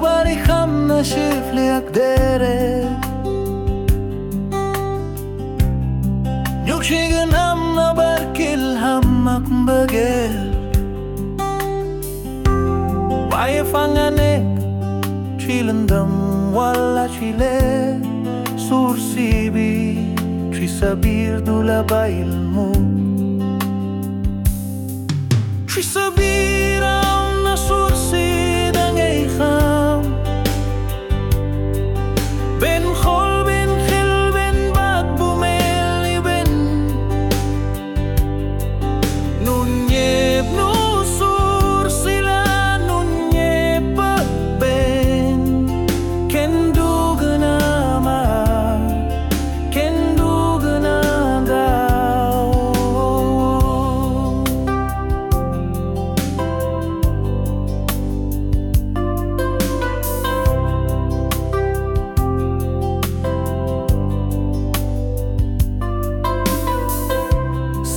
ובריחם נשיב לי הגדרת നുഷികനമ്മ ബർക്കിൽ ഹമ്മകൽ വയഫങ്ങനെ ചിലന്തം വല്ല ചിലെ സൂർസിബി ഷിസബീർ ദുലബയിൽ മു ഷിസബീരാ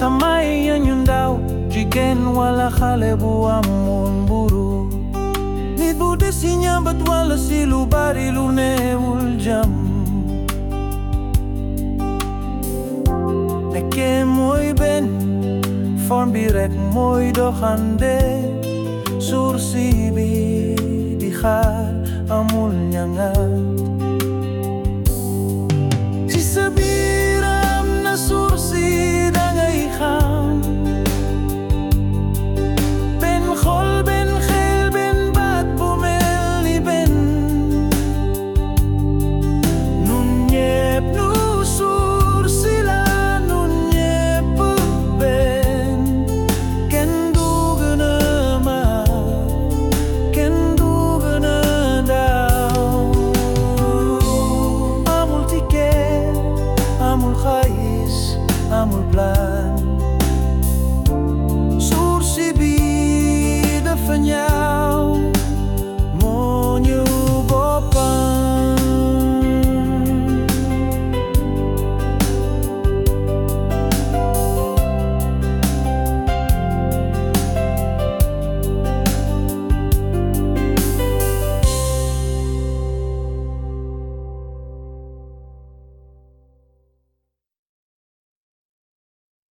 samai ya nyundau jigen wala khalebu wa munburu ni bude sinyambat wala silu bari lune uljam Nekke mooi ben, vorm bi rek mooi doxande خير